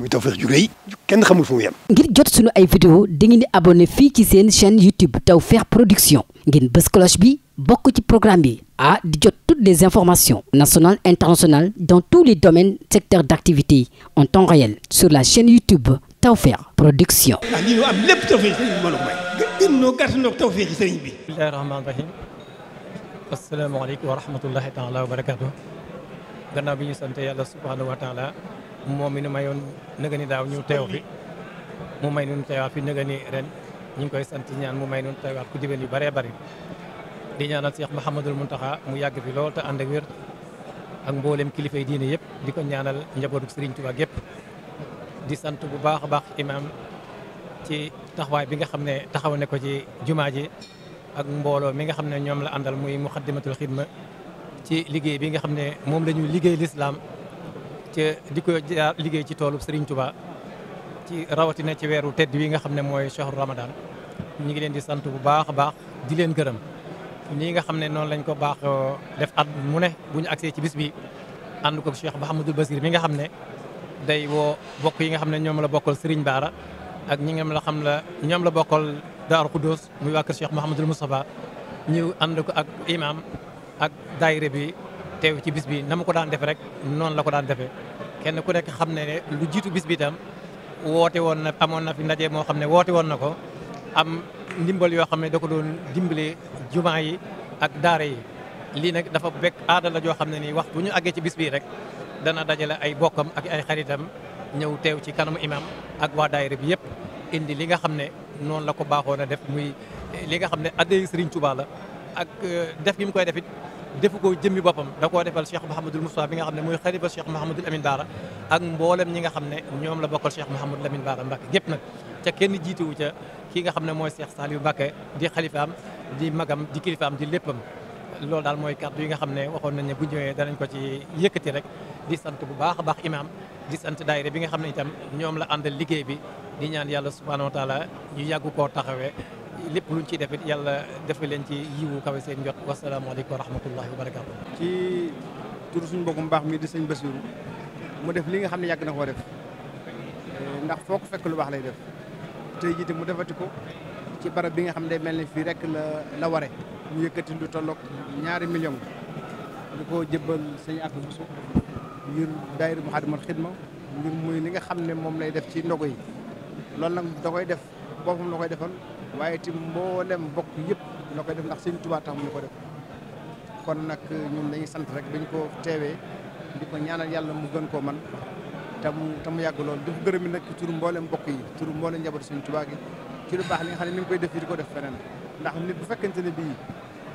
muy Tawfekh ju rëy kenn xamul fu mu yem. ngir jot sunu ay vidéo dangeen di abonné fii ci seen chaîne YouTube Tawfekh Production ngeen bës cloche bi bokk ci programme bi ah di jot toutes les informations nationales internationales dans tous les domaines secteurs d'activité en temps réel sur la chaîne YouTube Tawfekh Production. ah lii ñu am lépp Tawfekh sëriñ bi mën a may. gën ñoo gàtt ñoo Tawfekh sëriñ bi. bismillaahi rahmaani rahiim. asalaamaaleykum wa rahmatullaahi taala wa barakaatuh. gannaaw bi ñu sant yàlla subhaanahu wa taala. moom mi nu mayoon nëga daaw ñu teew fi mu may nun teewaat fi nëga ni ren ñu ngi koy sant ñaan mu may nun teewaat ku dibén yu bëree bëri di ñaanal Cheikh Mouhamadul Mountakha mu yàgg fi loolu te ànd ak wér mboolem kilifa yi diine yëpp di ko ñaanal njabootu Serigne Touba yëpp di sant bu baax a baax imam ci taxawaay bi nga xam ne taxaw ne ko ci jumaa ji ak mbooloo mi nga xam ne ñoom la àndal muy muxaddimatul xidma ci liggéey bi nga xam ne moom la ñuy ca di ko jaar liggéey ci toolu Serigne tubaa ci rawatina ci weeru tedd wi nga xam ne mooy shahru Ramadan ñu ngi leen di sant bu baax a baax di leen gërëm nii nga xam ne noonu lañ ko baax def at mu ne bu ñu agsee ci bis bi ànd ko Cheikh Mahamadou Basir mi nga xam ne day woo bokk yi nga xam ne ñoom la bokkal Serigne Bara ak ñi nga la xam la ñoom la bokkal Daaru Khoudoss muy waa kër Cheikh Mahamadou Moustapha ñu ànd ko ak imam ak daayira bi teew ci bis bi na mu ko daan defe rek noonu la ko daan defee kenn ku nekk xam ne lu jiitu bis bi woote woon na amoon na fi ndaje moo xam ne woote woon na ko am ndimbal yoo xam ne da ko doon dimbale jumaa yi ak daara yi lii nag dafa bekk aada la joo xam ne nii wax ñu àggee ci bis bii rek dana dajale ay bokkam ak ay xaritam ñëw teew ci kanamu imam ak waa daayira bi yëpp indi li nga xam ne noonu la ko baaxoon a def muy li nga xam ne addee Sëriñ Tuubaa la ak euh, def gi mu koy def defu ko jëmmi boppam da koo defal Cheikh Mouhamadul Moustapha bi nga xam ne mooy ba Cheikh Mouhamadul Amine Baara ak mboolem ñi nga xam ne ñoom la bokkal Cheikh Mouhamadul Amine Baara Mbacke gépp nag ca kenn jiituwu ca ki nga xam ne mooy Cheikh Saliou Mbacke di xalifaam di magam di kilifaam di léppam loolu daal mooy kàddu yi nga xam ne waxoon nañ ne bu ñëwee danañ ko ci yëkkati rek di sant bu baax a baax imaam di sant daayira bi nga xam ne itam ñoom la àndal liggéey bi di ñaan yàlla subhanahu wa taala ñu yàggu koo taxawee lépp luñ ciy def it yàlla defal leen ci yiwu kawe seen njot wasalaamaaleykum wa rahmatullahi wa barakaatu. ci tur suñu mbokku mbaax mi di sëñ Basiru mu def li nga xam ne yàgg na koo def eh, ndax foo ko fekk lu lay def tey jii mu defati ko ci barab bi nga xam day mel ni fii rek la la ware mu yëkkati lu ñaari million di ko sëñ ak Buso ngir daayira Muxaddamatul Xidma ngir muy li nga xam ne moom lay def ci ndogo yi loolu nag da koy def boppam la koy defal waaye tim mboolem bokk yëpp ñoo koy def ndax Sëñ Tuubaa tax mu ñu ko def kon nag ñun dañuy sant rek dañ ko teewee di ko ñaanal yàlla mu gën koo man te mu te mu yàgg lool di ko gërëm nag ci turu mboolem bokk yi turu mboolem njabootu Sëñ Tuubaa gi ci lu baax li nga xam ne mi ngi koy def fii di ko def feneen ndax nit bu fekkente ne bii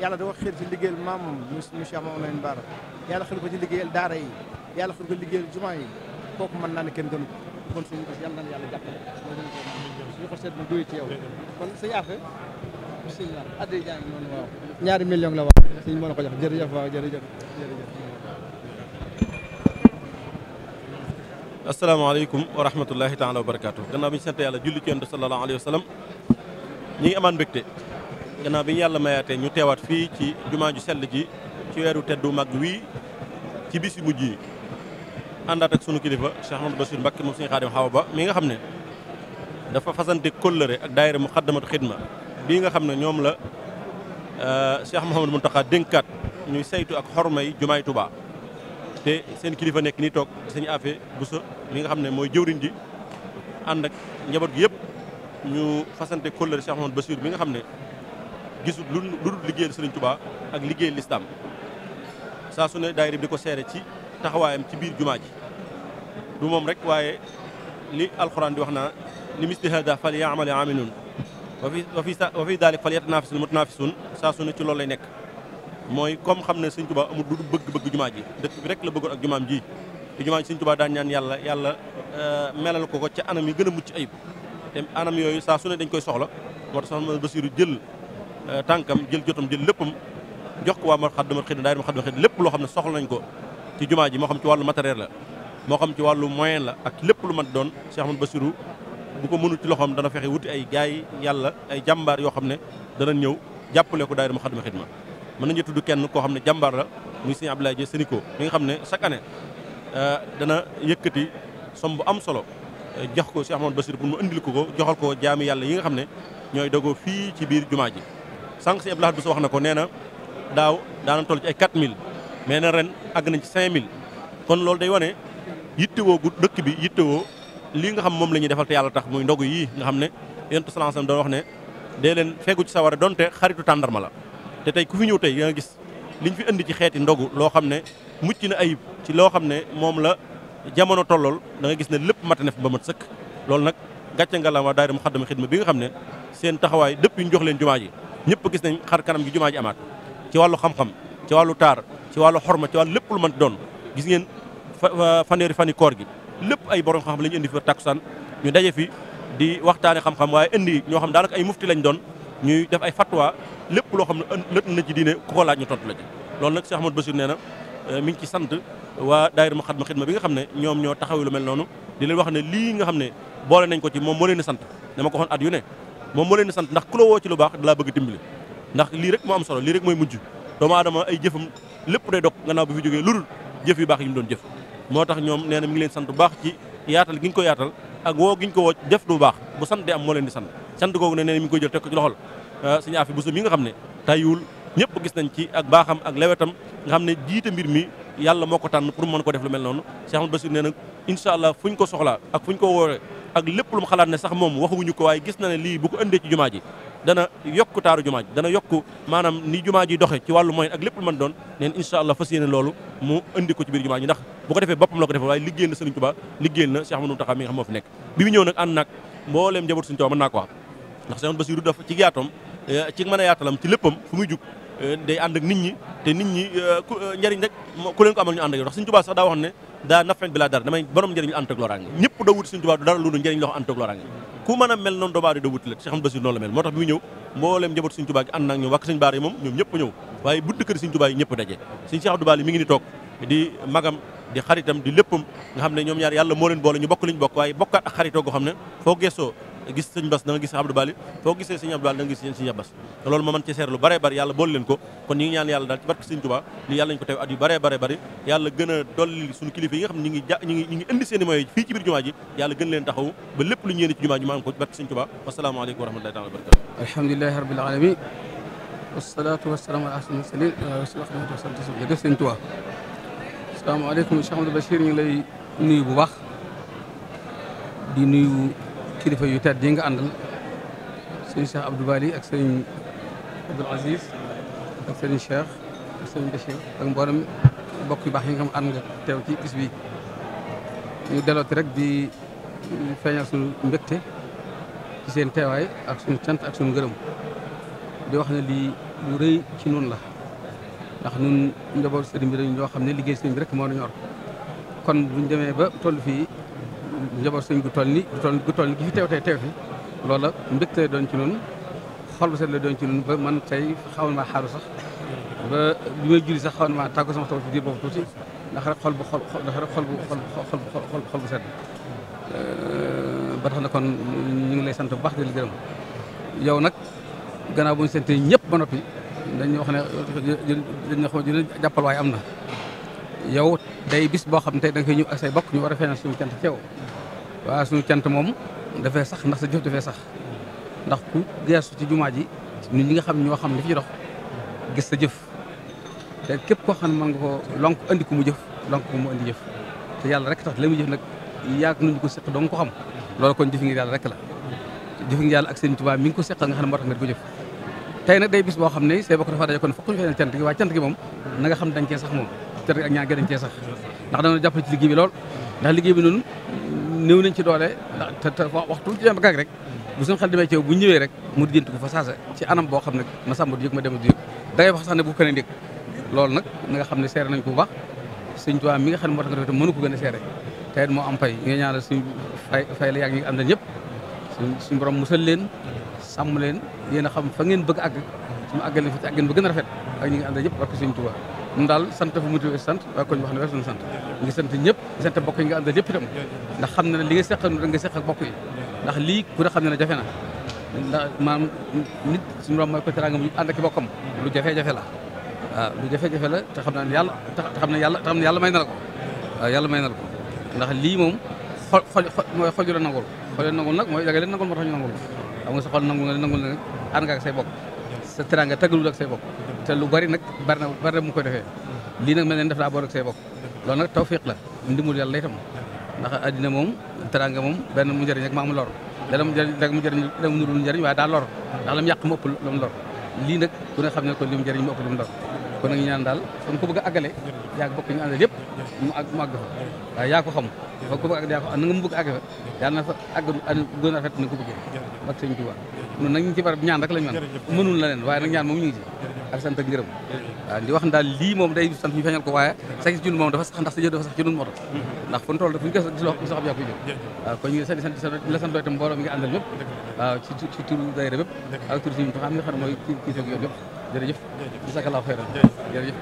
yàlla da ko xiir ci liggéeyal maamam si Cheikh Mamadou Lamine Bara yàlla xel ko ci liggéeyal daara yi yàlla xel ko liggéeyal jumaa yi kooku mën naa ne kenn gënu ko kon suñu bés yàlla na yàlla jàppale suñu ko seet mu duy la wax wa barakaatu gannaaw bi ñu sant yàlla julli ci yonent sallallahu alayhi wa ñi ngi amaan mbégte gannaaw bi ñu yàlla mayaatee ñu teewaat fii ci jumaa ju sell ji ci weeru teddu mag wii ci bis mujj yi àndaat ak sunu kilifa Cheikh Ahmadou Bachir Mbacké moom suñu xaadim xawa ba mi nga xam ne dafa fasante kóllëre ak daayira mu xaddamatu xidma bii nga xam ne ñoom la euh, Cheikh Mouhamadou Mountakha dénkaat ñuy saytu ak xorma yi jumaay Touba te seen kilifa nekk ni toog sëñ Afe Bousso mi nga xam ne mooy jëwriñ ji ànd ak njaboot gi yëpp ñu fasante kóllëre Cheikh Mouhamadou Bachir bi nga xam ne gisul lu dul liggéeyal sëriñ Touba ak liggéeyal lislaam saa su ne da bi di ci taxawaayam ci biir jumaa ji du moom rek waaye li alxuraan di wax naa li misli hada fal yaamal aamiluun wa fi wa fi wa fi daalik fal yatanaafisul mutanaafisun saa su ci lool lay nekk mooy comme xam ne sëñ Tuubaa amul du bëgg-bëgg jumaa ji dëkk bi rek la bëggoon ak jumaam ji te jumaa ji sëñ Tuubaa daan ñaan yàlla yàlla euh, melal ko ko ca anam yi gën a mucc ayib te anam yooyu saa su dañ koy soxla moo tax soxna Basiru jël euh, tànkam jël jotam jël léppam jox ko waa ma xaddama xidma daayira ma xaddama xidma loo xam ne soxla nañ ko ci jumaa ji moo xam ci wàllu matériel la moo xam ci wàllu moyen la ak lépp lu mat doon Cheikh Ahmadou Bassirou bu ko mënul ci loxoom dana fexe wuti ay gaay yàlla ay jàmbaar yoo xam ne dana ñëw jàppale ko daayira Moukhaddamatoul ma mën nañu tudd kenn koo xam ne jàmbaar la muy Serigne Abdoulaye Dieng Sénico mi nga xam ne chaque euh, dana yëkkati somme bu am solo euh, jox ko Cheikh Ahmadou Bassirou pour mu indil ko ko joxal ko jaami yàlla yi nga xam ne ñooy dogoo fii ci biir jumaa ji sànq si Abdoulaye Bousso wax na ko nee na daaw daana toll ci ay 4000 mais na ren àgg nañ ci 5000 kon loolu day wane yittewoo gu dëkk bi yittewoo lii nga xam moom la ñuy defal te yàlla tax muy ndogu yii nga xam ne yonent sallallahu alayhi wasallam doon wax ne dee leen fegu ci a donte xaritu tàndarma la te tey ku fi ñëw tey nga gis liñ fi indi ci xeeti ndogu loo xam ne mucc na ayib ci loo xam ne moom la jamono tollool da gis ne lépp mat na fi ba mat sëkk loolu nag gàcce ngalama daayira Muxaddamatul Xidma bi nga xam ne seen taxawaay depuis ñu jox leen jumaa ji ñëpp gis nañ xar kanam gi jumaa ji ci wàllu xam ci wàllu taar ci wàllu xorma ci wàllu lépp lu mën doon fanweeri fani koor gi lépp ay borom xam-xam la ñu indi fi takkusaan ñu daje fi di waxtaane xam-xam waaye indi ñoo xam daanaka ay mufti lañ doon ñuy def ay fatwa lépp loo xam ne lët na ci diine ku ko laaj ñu tontu la ci loolu nag Cheikh Ahmadou Bassirou nee na euh, mi ci sant waa daayira ma xadma xidma bi nga xam ne ñoom ñoo taxaw lu mel noonu di leen wax ne lii nga xam ne boole nañ ko ci moom moo leen di sant dama ko waxoon at yu ne moom moo leen di sant ndax ku ci lu baax dalaa bëgg dimbali ndax lii rek moo am lii rek mooy mujj doomu aadama ay jëfam lépp day dog gannaaw bi fi jógee lu dul jëf yu baax yi mu doon jëf moo tax ñoom nee na mi ngi leen sant bu baax ci yaatal gi ñu ko yaatal ak woo gi ñu ko woo def du baax bu sant am moo leen di sant sant googu ne nee na mi ngi koy jël teg ko ci loxol ah, sëñ Afi Bousso mi nga xam ne tayul ñëpp gis nañ ci ak baaxam ak lewetam nga xam ne jiite mbir mi yàlla moo ko tànn pour mën ko def lu mel noonu Cheikh Ahmadou Bassir nee na incha allah fu ñu ko soxlaa ak fu ñu ko wooree ak lépp lu mu xalaat ne sax moom waxuñu ko waaye gis na ne lii bu ko ëndee ci jumaa ji dana yokk taaru jumaa ji dana yokk maanaam ni jumaa ji doxe ci wàllu moyen ak lépp man doon neen incha allah fas yéene loolu mu indi ko ci biir jumaa ji ndax bu ko defee boppam la ko defee waaye liggéeyal na Sëriñ Tuubaa liggéeyal na Cheikh Ahmadou Mountakha mi nga xam moo fi nekk bi mu nag ànd nag mbooleem njaboot Sëriñ Tuubaa mën naa ko wax ndax Cheikh yaatoom eh, ci mën a yaatalam ci léppam fu muy jug eh, day ànd ak nit ñi te nit ñi eh, njariñ rek ku leen ko amal ñu ànd ak yow ndax Sëriñ sax daa daa nafin bi laa dara damay borom njëriñ la ànd ak loraange ñëpp da wut dara lu dul njëriñ loo ku mën a mel noonu doomu aadama da wuti la Cheikh Ahmadou Basiir noonu la mel moo tax bi mu ñëw mbooleem njaboot suñu tubaab gi ñoom wàkk suñu moom ñoom ñëpp ñëw waaye budd kër suñu daje suñu Cheikh Abdou ni toog di magam di xaritam di léppam nga xam ne ñoom ñaar yàlla moo leen boole ñu bokk liñ bokk waaye bokkaat ak xaritoo goo xam gis sëñ bas da nga gis Abdou Bali foo gisee sëñ Abdou Bali da nga gis sëñ Abbas te loolu ma mën ci lu bare bari yàlla boole leen ko kon ñi ngi ñaan yàlla daal ci barke sëñ bare bare yàlla gën a dolli suñu kilifa yi nga xam ñi ñi indi seen i fii ci jumaa ji yàlla gën leen taxaw ba lépp lu ñu yéene jumaa ji ma ko ci barke sëñ Touba wasalaamu aleykum wa rahmatullahi taala wa barakatuh alhamdulillahi rabbil alamin wasalaatu wasalaamu ala asal mursalin def sëñ Touba asalaamaaleykum kilifa yu tedd yi nga àndal sëñ Cheikh Abdou Bali ak sëñ Abdoul Aziz ak sëñ Cheikh ak sëñ Bachir ak mboolem bokk yu baax yi nga xam ànd nga teew ci bis bi ñu delooti rek di feeñal suñu mbégte ci seen teewaay ak suñu cant ak suñu ngërëm di wax ne lii lu rëy ci nun la ndax nun njaboot sëriñ bi dañu ñoo xam ne liggéey sëriñ bi rek moo na ñor kon buñ demee ba toll fii njaboot sëñ gu toll ni gu toll gu toll ni gi fi teew tey teew fi loola mbégte doon ci noonu xol bu set la doon ci noonu ba man tey xawoon maa xaaru sax ba bi may julli sax xawoon maa tàggu sama taw ci diir boobu tuuti ndax rek xol bu xol ndax rek xol bu xol xol bu set ba tax na kon ñu ngi lay sant bu baax di la gërëm yow nag gannaaw bu ñu sante ñëpp ba noppi dañu wax ne dañu wax ne jàppal waaye am na yow day bis boo xam te da nga koy ñëw ak say bokk ñu war a feeñal suñu cant ceew waaw suñu cant moom dafay sax ndax sa jëf dafay sax ndax ku geesu ci jumaa ji ñun ñi nga xam ñoo xam li fi dox gis sa jëf te képp koo xam ne mën nga ko lonk andi ko mu jëf lonk ko mu andi jëf te yàlla rek tax la mu jëf nag yàgg nañu ko seq dong ko xam loolu kon jëf ngir yàlla rek la jëf ngir yàlla ak seen tubaab mi ngi ko seqal nga xam ne moo tax nga di ko jëf tey nag day bis boo xam ne say bokk dafa daje kon fokk ñu feeñal cant gi waaye cant gi moom na nga xam dañ cee sax moom tër ak ñaar gën cee sax ndax dañoo jàppale ci bi lool ndax liggéey bi noonu néew nañ ci doole te te waxtu ci dem ba bu suñu xel rek mu di jënt ko fa saasa ci boo xam ne ma sàmm du yëg ma dem wax sax ne bu ko ne ndékk loolu nag nga xam ne seere nañ ko bu baax sëñ mi nga xam ne moo tax nga def mënu ko a seere te it moo am pay nga ñaanal suñ fay fay la yaa ngi am na ñëpp suñ borom musal leen a xam fa ngeen bëgg àgg su ma àggal leen fa ci àggeen ba a rafet ak ñi nga àndal ñëpp barke sëñ ñun daal sant dafa motivé sant waa koñ wax ne weesu na sant ñu ngi sant ñëpp di sant bokk yi nga àndal yëpp itam ndax xam na ne li nga seqal da nga seqal bokk yi ndax lii ku ne xam ne na ndax la waaw lu jafe-jafe la te xam naa ne yàlla te xam ne yàlla te xam ne may na la ko waaw yàlla may na la ko ndax lii moom xol xol mooy xol ju la nangul xol ju la nangul nag mooy da nga leen nangul moo tax ñu nangul xam nga sa xol nangul nga leen nangul nag ànd nga ak bokk sa teraanga taggalul ak say bokk te lu bari nag bari na bari mu koy defee lii nag mel ne def daa boole ak say bokk loolu nag tawfiq la ndimul yàlla lay tam addina moom teranga moom benn mu njëriñ rek maa mu lor dana mu njëriñ rek mu njëriñ dana mu njëriñ waaye daa lor ndax la mu yàq mu ëpp lu mu lor lii nag ku ne xam ne kon li mu njëriñ mu ëpp kon nag ñu ñaan daal kon ku bëgg a àggale yaa bokk ñu àndal yëpp mu àgg mu àgg fa waaye yaa ko xam kon ku bëgg a àgg yaa ko na nga mu bëgg àgg fa yàlla na fa àgg gën a rafet na ko bëggee bak sëñ Tuubaa noonu nag ñu ci barab ñaan rek la ñu man mënul la leen waaye nag ñaan moom ñu ak sant ak ngërëm waaw wax daal lii moom day sant ñu feeñal ko waaye sax ci ñun moom dafa sax ndax sa jëf dafa sax ci ñun moo tax ndax fu ñu toll fuñu gis gis loo xam yaa koy jëf waaw kon ñu ngi sant sant la sant itam mbooloo mi nga àndal ñëpp ci ci turu daayira bépp ak turu suñu xam nga xam mooy kii soog yoon yëpp jërëjëf jazakallahu xayran jërëjëf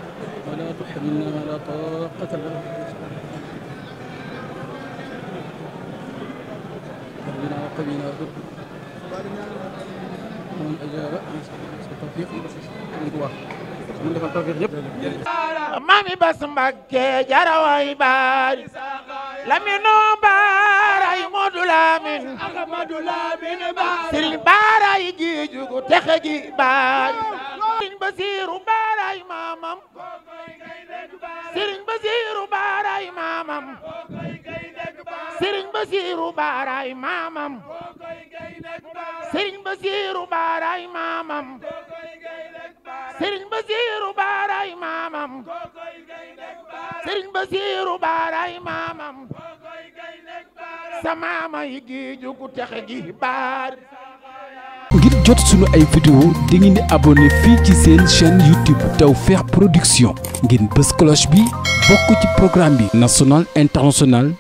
wala tuhamilna mami bas Mbakke baaray maamam sëriñ Basiiru baaray maamam sa maama yi géeju ku texe ngir jot sunu ay vidéo di ngeen di fii ci seen chaîne YouTube Tawfekh Production ngeen bës cloche bi bokk ci programme bi national international